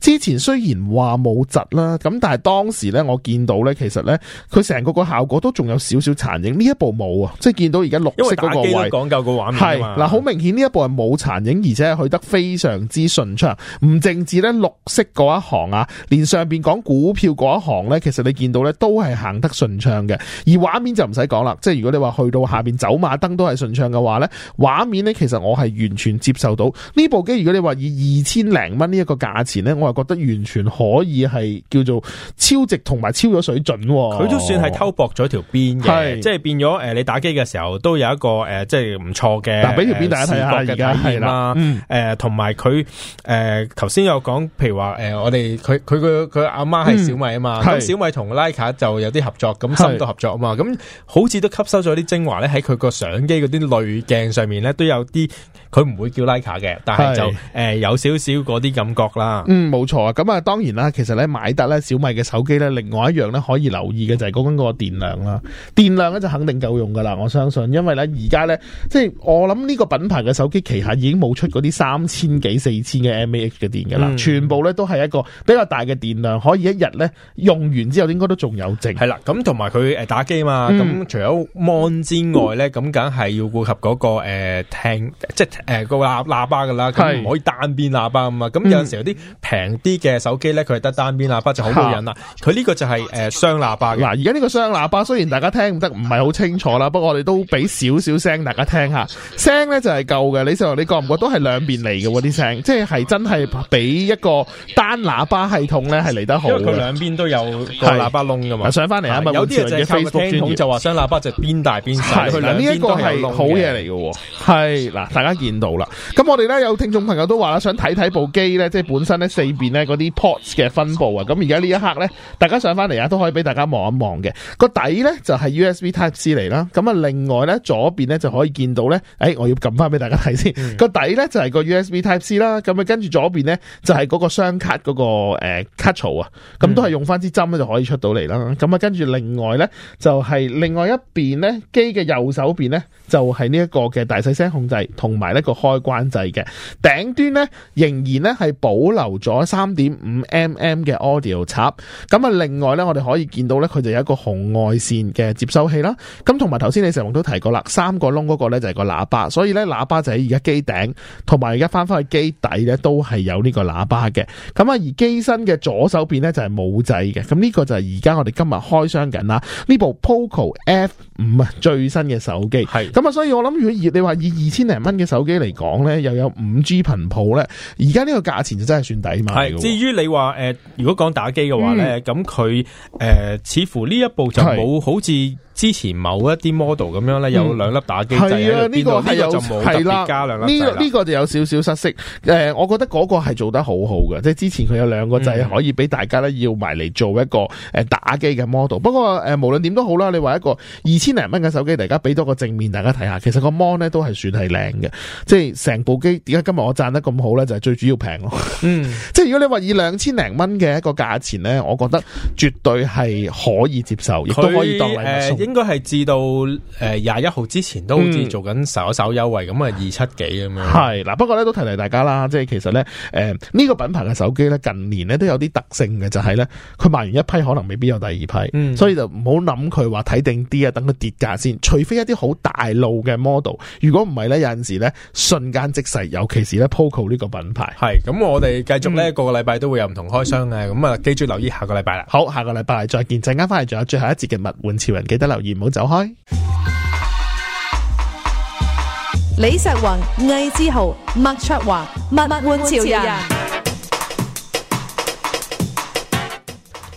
Speaker 2: 之前雖然話冇窒啦，咁但係當時呢，我見到呢，其實呢，佢成個個效果都仲有少少殘影。呢一部冇啊，即係見到而家綠色嗰個位，講究個畫面嗱，好明顯呢一部係冇殘影，而且去得非常之順暢。唔淨止呢綠色嗰一行啊，連上邊講股票嗰一行呢，其實你見到呢都係行得順暢嘅。而畫面就唔使講啦，即係如果你話去到下邊走馬燈都係順暢嘅話呢，畫面呢其實我係完全接受到呢部機。如果你話以二千零蚊呢一個價錢咧，我係覺得完全可以係叫做超值，同埋超咗水準、哦。佢都算係偷薄咗條邊嘅，
Speaker 1: 即係變咗。誒、呃，你打機嘅時候都有一個誒、呃，即係唔錯嘅。嗱、啊，俾條邊大家睇下而家係啦。誒，同埋佢誒，頭、嗯、先、呃、有講、呃，譬如話誒，我哋佢佢佢阿媽係小米啊嘛，咁、嗯、小米同徠卡就有啲合作，咁深度合作啊嘛，咁好似都吸收咗啲精華咧，喺佢個相機嗰啲濾鏡上面咧都有啲。佢唔會叫徠卡嘅，但係就誒、呃、有少少嗰啲感覺啦。
Speaker 2: 嗯，冇錯啊。咁啊，當然啦，其實咧買得咧小米嘅手機咧，另外一樣咧可以留意嘅就係嗰個電量啦。電量咧就肯定夠用噶啦，我相信。因為咧而家咧，即係我諗呢個品牌嘅手機旗下已經冇出嗰啲三千幾、四千嘅 mAh 嘅電噶啦、嗯，全部咧都係一個比較大嘅電量，可以一日咧用完之後應該都仲有剩。係啦，咁同埋佢誒打機嘛，
Speaker 1: 咁、嗯、除咗 mon 之外咧，咁梗係要顧及嗰、那個誒聽、哦呃、即誒、呃，那個喇叭噶啦，佢唔可以單邊喇叭咁啊。咁有陣時候有啲平啲嘅手機咧，
Speaker 2: 佢係得單邊喇叭就好冇癮啦。佢、啊、呢個就係誒雙喇叭嗱，而家呢個雙喇叭雖然大家聽唔得，唔係好清楚啦，不過我哋都俾少少聲大家聽下。聲咧就係夠嘅。李少，你覺唔覺都係兩邊嚟嘅喎？啲聲即係真係比一個單喇叭系統咧係嚟得好，佢兩
Speaker 1: 邊都有個喇叭窿噶嘛。上翻嚟啊，有啲人就係靠聽筒就話雙喇叭就邊大邊細。嗱，呢一個係好嘢嚟
Speaker 2: 嘅。係嗱，大家。見到啦，咁我哋咧有聽眾朋友都話啦，想睇睇部機咧，即係本身咧四邊咧嗰啲 ports 嘅分布啊。咁而家呢一刻咧，大家上翻嚟啊，都可以俾大家望一望嘅。個底咧就係、是、USB Type C 嚟啦。咁啊，另外咧左邊咧就可以見到咧，誒、欸，我要撳翻俾大家睇先。個、嗯、底咧就係、是、個 USB Type C 啦。咁、就、啊、是那個，跟住左邊咧就係嗰個雙卡嗰個誒卡槽啊。咁都係用翻支針咧就可以出到嚟啦。咁啊，跟住另外咧就係、是、另外一邊咧機嘅右手邊咧就係呢一個嘅大細聲控制同埋一個開關掣嘅頂端咧，仍然咧係保留咗三點五 mm 嘅 audio 插。咁啊，另外咧，我哋可以見到咧，佢就有一個紅外線嘅接收器啦。咁同埋頭先你成日都提過啦，三個窿嗰個咧就係、是、個喇叭，所以咧喇叭就喺而家機頂，同埋而家翻翻去機底咧都係有呢個喇叭嘅。咁啊，而機身嘅左手邊咧就係冇掣嘅。咁呢個就係而家我哋今日開箱緊啦，呢部 Poco F。唔係最新嘅手機，係咁啊。所以我諗，如果以你話以二千零蚊嘅手機嚟講咧，又有五 G 頻譜咧，而家呢個價錢就真係算抵嘛。至
Speaker 1: 於你話誒、呃，如果講打機嘅話咧，咁佢誒似乎呢一部就冇好似之前某一啲 model 咁樣咧、嗯，有兩粒打機。係啊，呢、這個呢有冇、這個、特別加兩粒。呢、啊這個呢、
Speaker 2: 這個就有少少失色。誒、呃，我覺得嗰個係做得好好嘅，即係之前佢有兩個掣，可以俾大家咧要埋嚟做一個誒打機嘅 model。不過誒、呃，無論點都好啦，你話一個二千。千零蚊嘅手機，大家俾多個正面，大家睇下。其實個芒 o 咧都係算係靚嘅，即係成部機。點解今日我賺得咁好咧？就係、是、最主要平咯。嗯，即係如果你話以兩千零蚊嘅一個價錢咧，我覺得絕對係可以接受，亦都可以當禮物送。應
Speaker 1: 該係至到誒廿一號之前都好似做緊手一、嗯、手優惠，咁啊二七幾咁
Speaker 2: 樣。係嗱，不過咧都提提大家啦，即係其實咧誒呢、呃這個品牌嘅手機咧，近年咧都有啲特性嘅，就係咧佢賣完一批，可能未必有第二批，嗯、所以就唔好諗佢話睇定啲啊，等跌價先，除非一啲好大路嘅 model，如果唔係咧，有陣時咧瞬間即逝，尤其是咧 POCO 呢個品牌。係
Speaker 1: 咁，我哋繼續咧，嗯、個個禮拜都會有唔同開箱嘅，
Speaker 2: 咁、嗯、啊，記住留意下個禮拜啦。好，下個禮拜再見。陣間翻嚟仲有最後一節嘅物玩潮人，記得留意，唔好走開。
Speaker 3: 李石雲、魏志豪、麥卓華、物物玩潮人。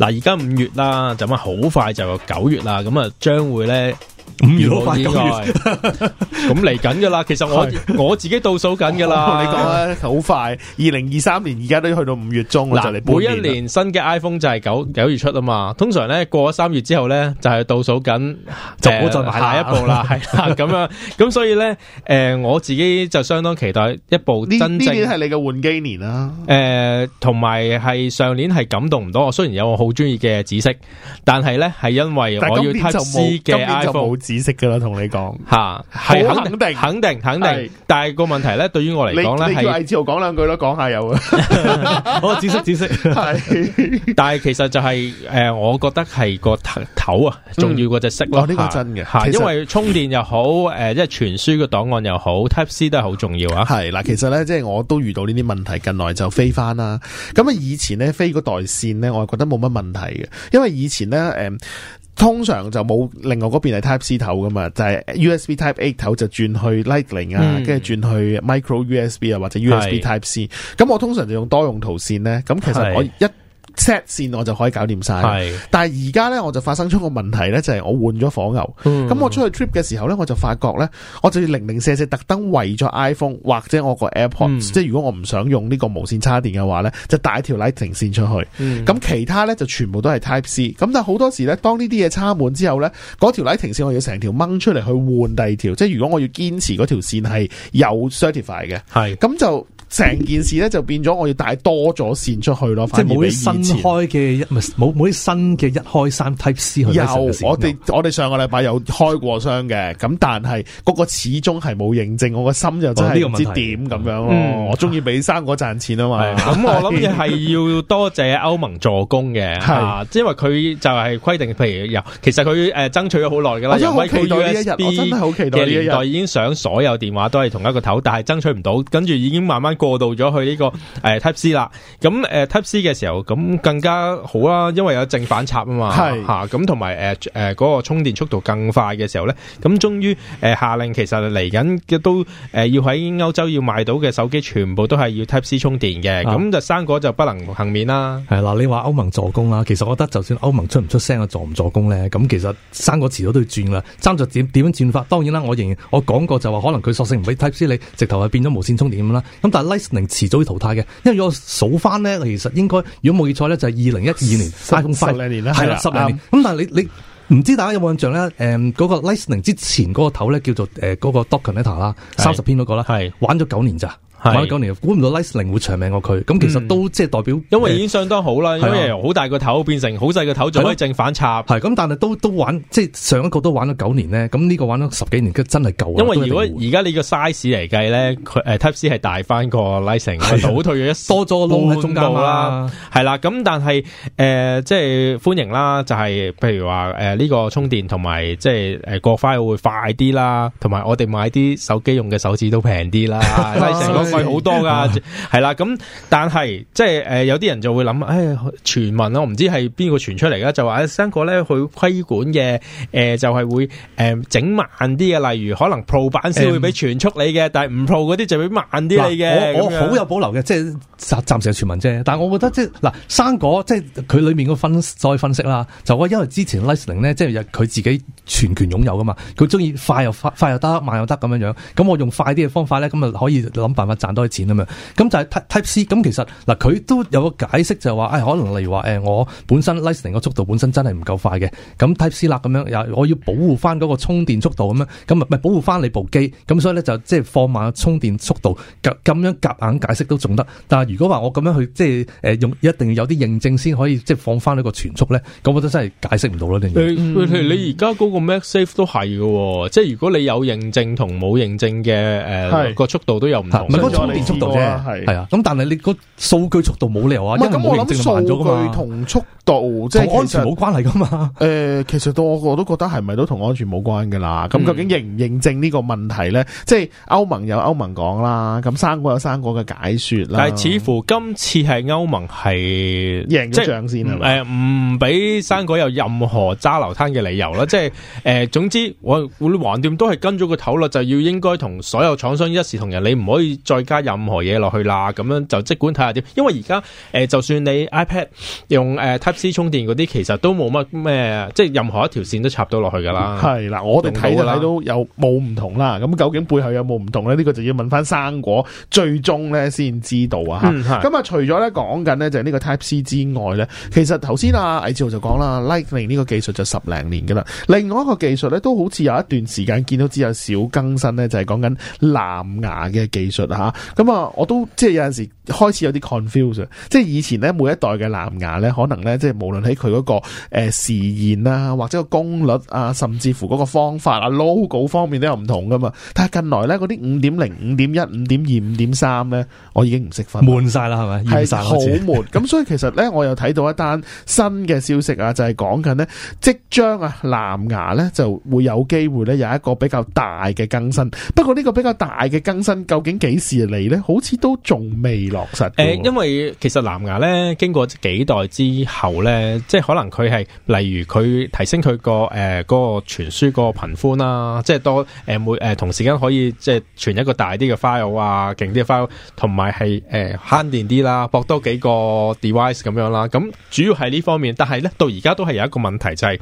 Speaker 1: 嗱，而家五月啦，咁啊好快就九月啦，咁啊將會
Speaker 2: 咧。
Speaker 3: 五月好快，
Speaker 2: 咁嚟緊噶啦。其實我我自己倒數緊噶啦。同你講咧好快，二零二三年而家都去到五月中啦。就嚟每一年新
Speaker 1: 嘅 iPhone 就係九九月出啊嘛。通常咧過咗三月之後咧就係倒數緊，就唔好再買啦。下一部啦，係咁樣。咁所以咧，誒，我自己就相當期待一部真正係
Speaker 2: 你嘅換機年啦。
Speaker 1: 誒，同埋係上年係感動唔到我。雖然有我好中意嘅紫色，但係咧係因為我要 Touch 嘅 iPhone。
Speaker 2: 紫色噶啦，同你講
Speaker 1: 吓，係肯，肯定，肯定，肯定。肯定，但係個問題咧，對於我嚟講咧，係艾
Speaker 2: 超講兩句咯，講下有好我紫，紫色，紫
Speaker 3: 色
Speaker 1: 係。 但係其實就係、是、誒、呃，我覺得係個頭啊重、嗯、要過隻色咯。哦，呢、這個是真嘅吓、啊，因為充電又好，誒、呃，即係傳輸個檔案又好 ，Type C 都係好重要啊。
Speaker 2: 係嗱，其實咧、嗯，即係我都遇到呢啲問題，近來就飛翻啦。咁啊，以前咧飛個代線咧，我係覺得冇乜問題嘅，因為以前咧，誒、嗯。通常就冇另外嗰邊係 Type C 頭噶嘛，就係、是、USB Type A 頭就轉去 Lightning 啊、嗯，跟住轉去 Micro USB 啊或者 USB Type C，咁我通常就用多用途線咧，咁其實我一 set 線，我就可以搞掂晒，但係而家呢，我就發生咗個問題呢，就係我換咗火牛。咁、嗯、我出去 trip 嘅時候呢，我就發覺呢，我就要零零舍舍特登為咗 iPhone 或者我個 AirPods，、嗯、即係如果我唔想用呢個無線插電嘅話呢，就帶條 Lightning 線出去。咁、嗯、其他呢，就全部都係 Type C。咁但係好多時呢，當呢啲嘢插滿之後呢，嗰條 Lightning 線我要成條掹出嚟去換第二條，即係如果我要堅持嗰條線係有 certified 嘅，咁就成件事呢，就變咗我要帶多咗線出去咯。即係冇。開
Speaker 3: 嘅一冇冇啲新嘅一開箱 type C 有我
Speaker 2: 哋我哋上個禮拜有開過箱嘅，咁但係個始終係冇認證，我個心就真係唔知點咁樣咯、哦這個嗯。我中意俾生果賺錢啊嘛。咁、啊、我諗住係
Speaker 1: 要多謝歐盟助攻嘅，啊，因為佢就係規定，譬如其實佢誒、呃、爭取咗好耐噶啦，真係好期待呢一日。有有嘅年代已經上所有電話都係同一個頭，但係爭取唔到，跟住已經慢慢過渡咗去呢個誒、呃、type C 啦。咁、呃、誒 type C 嘅時候咁。嗯更加好啦、啊，因為有正反插啊嘛，吓咁同埋誒誒嗰個充電速度更快嘅時候咧，咁終於誒下令，其實嚟緊嘅都誒、呃、要喺歐洲要賣到嘅手機，全部都係要 Type C 充電嘅，咁就生果就不能幸免啦。
Speaker 3: 係嗱，你話歐盟助攻啦，其實我覺得就算歐盟出唔出聲啊，助唔助攻咧，咁其實生果遲早都要轉啦。爭就點樣轉法？當然啦，我仍然我講過就話，可能佢索性唔俾 Type C 你，直頭係變咗無線充電咁啦。咁但係 Lightning 遲早要淘汰嘅，因為如果我數翻咧，其實應該如果咧就係二零一二年 iPhone 十零年啦，係啦，十零年，年。咁但係你你唔知大家有冇印象咧？誒、um,，個 Listening 之前個頭咧叫做誒、呃那個 Documentor 啦、那個，三十篇嗰個啦，係玩咗九年咋。是玩咗九年，估唔到 Lightning 會長命過佢。咁其實都即係代表，嗯、因為已經
Speaker 1: 相當好啦、啊。因為由好大個頭變成好細個頭，就、啊、可以正反插。
Speaker 3: 係咁、啊，但係都都玩，即係上一個都玩咗九年咧。咁呢個玩咗十幾年，真係夠。因為如果
Speaker 1: 而家你個 size 嚟計咧，佢誒、呃、，Type C 係大翻個 Lightning 係咗、啊、多咗個窿喺中間啦。係啦，咁、啊啊、但係誒、呃，即係歡迎啦。就係、是、譬如話誒，呢、呃這個充電同埋即係誒，過快會快啲啦。同埋我哋買啲手機用嘅手指都平啲啦。 貴好 多噶，係啦，咁但係即係誒，有啲人就會諗，誒傳聞啦，我唔知係邊個傳出嚟嘅，就話生、啊、果咧，佢規管嘅，誒、呃、就係、是、會誒、呃、整慢啲嘅，例如可能 Pro 版先會俾全速你嘅、呃，但係唔 Pro 嗰啲就會
Speaker 3: 慢啲你嘅。我我好有保留嘅，即係暫暫時係傳聞啫。但係我覺得即係嗱，生果即係佢裏面個分再分析啦，就話因為之前 Lightning 咧，即係佢自己全權擁有噶嘛，佢中意快又快快又得，慢又得咁樣樣。咁我用快啲嘅方法咧，咁啊可以諗辦法。賺多啲錢啊嘛，咁就係 Type C 咁其實嗱佢都有個解釋就係話、哎，可能例如話、呃、我本身 Lightning 個速度本身真係唔夠快嘅，咁 Type C 啦咁樣我要保護翻嗰個充電速度咁樣咁咪保護翻你部機，咁所以咧就即係放慢充電速度，咁樣樣夾硬解釋都仲得，但係如果話我咁樣去即係用一定要有啲認證先可以即係放翻呢個全速咧，咁我都真係解釋唔到啦你
Speaker 1: 而家嗰個 MagSafe 都係㗎喎，即係如果你有認證同冇認證嘅誒、呃、個速度都有唔同。
Speaker 3: 啊速度啫，係啊！咁但係你個數據速度冇理
Speaker 2: 由啊，唔係咁我諗數據同速度即係安全冇關係噶嘛？誒、呃，其實我我都覺得係咪都同安全冇關噶啦？咁究竟認唔認證呢個問題咧、嗯？即係歐盟有歐盟講啦，咁生果有生果嘅解説啦。但係似
Speaker 1: 乎今次係歐盟係贏咗仗先係嘛？唔俾、呃、生果有任何揸流攤嘅理由啦。 即係誒、呃，總之我會橫掂都係跟咗個頭啦，就要應該同所有廠商一視同仁，你唔可以再加任何嘢落去啦，咁樣就即管睇下點，因為而家誒，就算你 iPad 用誒、呃、Type C 充電嗰啲，其實都冇乜咩，即係任何一條線都插到落去噶啦。係啦，我哋睇到都
Speaker 2: 有冇唔同啦。咁究竟背後有冇唔同咧？呢、這個就要問翻生果最終咧先知道啊。咁、嗯、啊、嗯嗯，除咗咧講緊咧就係呢個 Type C 之外咧，其實頭先阿魏志豪就講啦，Lightning 呢個技術就十零年噶啦。另外一個技術咧都好似有一段時間見到只有少更新咧，就係講緊藍牙嘅技術吓、啊。咁、嗯、啊，我都即係有陣時開始有啲 confusion，即係以前咧每一代嘅藍牙咧，可能咧即係無論喺佢嗰個誒、呃、時延啊，或者個功率啊，甚至乎嗰個方法啊、logo 方面都有唔同噶嘛。但係近來咧嗰啲五點零、五點一、五點二、五點三咧，我已經唔識分，悶晒啦係咪？係好悶，咁 所以其實咧，我又睇到一單新嘅消息啊，就係講緊咧即將啊藍牙咧就會有機會咧有一個比較大嘅更新。不過呢個比較大嘅更新究竟幾時？嚟咧，好似都仲未落實。誒、呃，
Speaker 1: 因為其實藍牙咧，經過幾代之後咧，即係可能佢係，例如佢提升佢、呃那個誒嗰個傳輸個頻寬啦，即係多誒、呃、每誒、呃、同時間可以即係傳一個大啲嘅 file 啊，勁啲嘅 file，同埋係誒慳電啲啦，博多，多幾個 device 咁樣啦。咁主要係呢方面，但係咧到而家都係有一個問題，就係、是、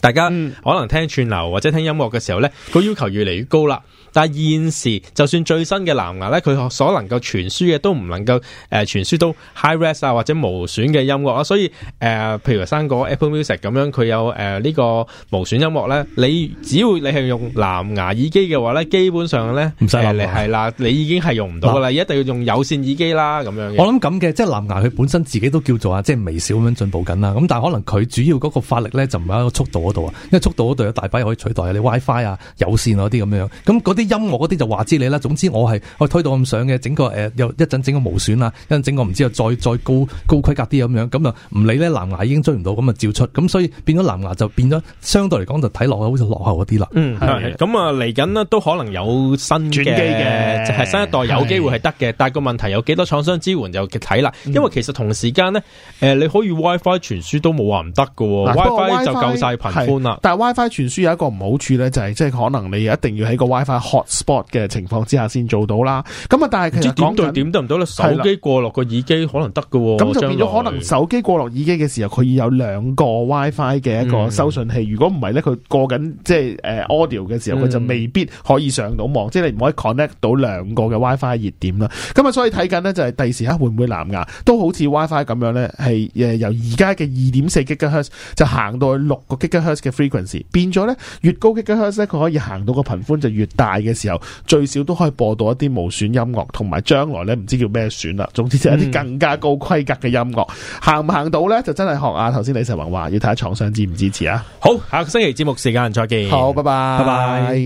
Speaker 1: 大家可能聽串流或者聽音樂嘅時候咧，個要求越嚟越高啦。但係現時，就算最新嘅藍牙咧，佢所能夠傳輸嘅都唔能夠誒、呃、傳輸到 high res 啊或者無損嘅音樂啊，所以誒、呃，譬如生果 Apple Music 咁樣，佢有誒呢、呃這個無損音樂咧，你只要你係用藍牙耳機嘅話咧，基本上咧唔使，係、呃、啦，你已經係用唔到噶啦，一定要用有線耳機啦咁樣。我諗
Speaker 3: 咁嘅，即係藍牙佢本身自己都叫做啊，即係微小咁樣進步緊啦。咁但係可能佢主要嗰個發力咧就唔喺個速度嗰度啊，因為速度嗰度有大把嘢可以取代，你 WiFi 啊、有線嗰啲咁樣。咁、嗰啲音樂嗰啲就話知你啦。總之我係我推到咁上嘅，整個誒又一陣整個無損啊，一陣整個唔知又再再高高規格啲咁樣，咁啊唔理咧，藍牙已經追唔到，咁啊照出。咁所以變咗藍牙就變咗相對嚟講就睇落去好似落後一啲啦。
Speaker 1: 咁啊嚟緊咧都可能有新機嘅，就係、是、新一代有機會係得嘅，但係個問題有幾多廠商支援就睇啦、嗯。因為其實同時間呢，誒、呃、你可以 WiFi 傳輸、啊、WiFi 傳輸都冇話唔得噶，WiFi 就夠晒頻寬啦。
Speaker 2: 但係 WiFi 傳輸有一個唔好處咧，就係即係可能你一定要喺個 WiFi。hotspot 嘅情況之下先做到啦。咁啊，但係其實點對點都唔
Speaker 1: 到手機
Speaker 2: 過落個耳機可能得㗎喎，咁就變咗可能手機過落耳機嘅時候，佢要有兩個 WiFi 嘅一個收信器。嗯、如果唔係咧，佢過緊即係、呃、audio 嘅時候，佢就未必可以上到網。嗯、即係你唔可以 connect 到兩個嘅 WiFi 熱點啦。咁啊，所以睇緊呢，就係、是、第時刻會唔會藍牙都好似 WiFi 咁樣咧？係由而家嘅二點四吉吉赫斯就行到去六個吉吉赫斯嘅 frequency，變咗咧越高吉吉赫斯咧，佢可以行到個頻寬就越大。嘅時候最少都可以播到一啲無損音樂，同埋將來咧唔知叫咩選啦。總之就係一啲更加高規格嘅音樂，嗯，行唔行到咧就真係學啊！頭先李世宏話要睇下廠商支唔支持啊！
Speaker 1: 好，下個星期節目時間再見。好，拜拜，拜拜。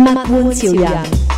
Speaker 2: 物
Speaker 3: 玩潮人。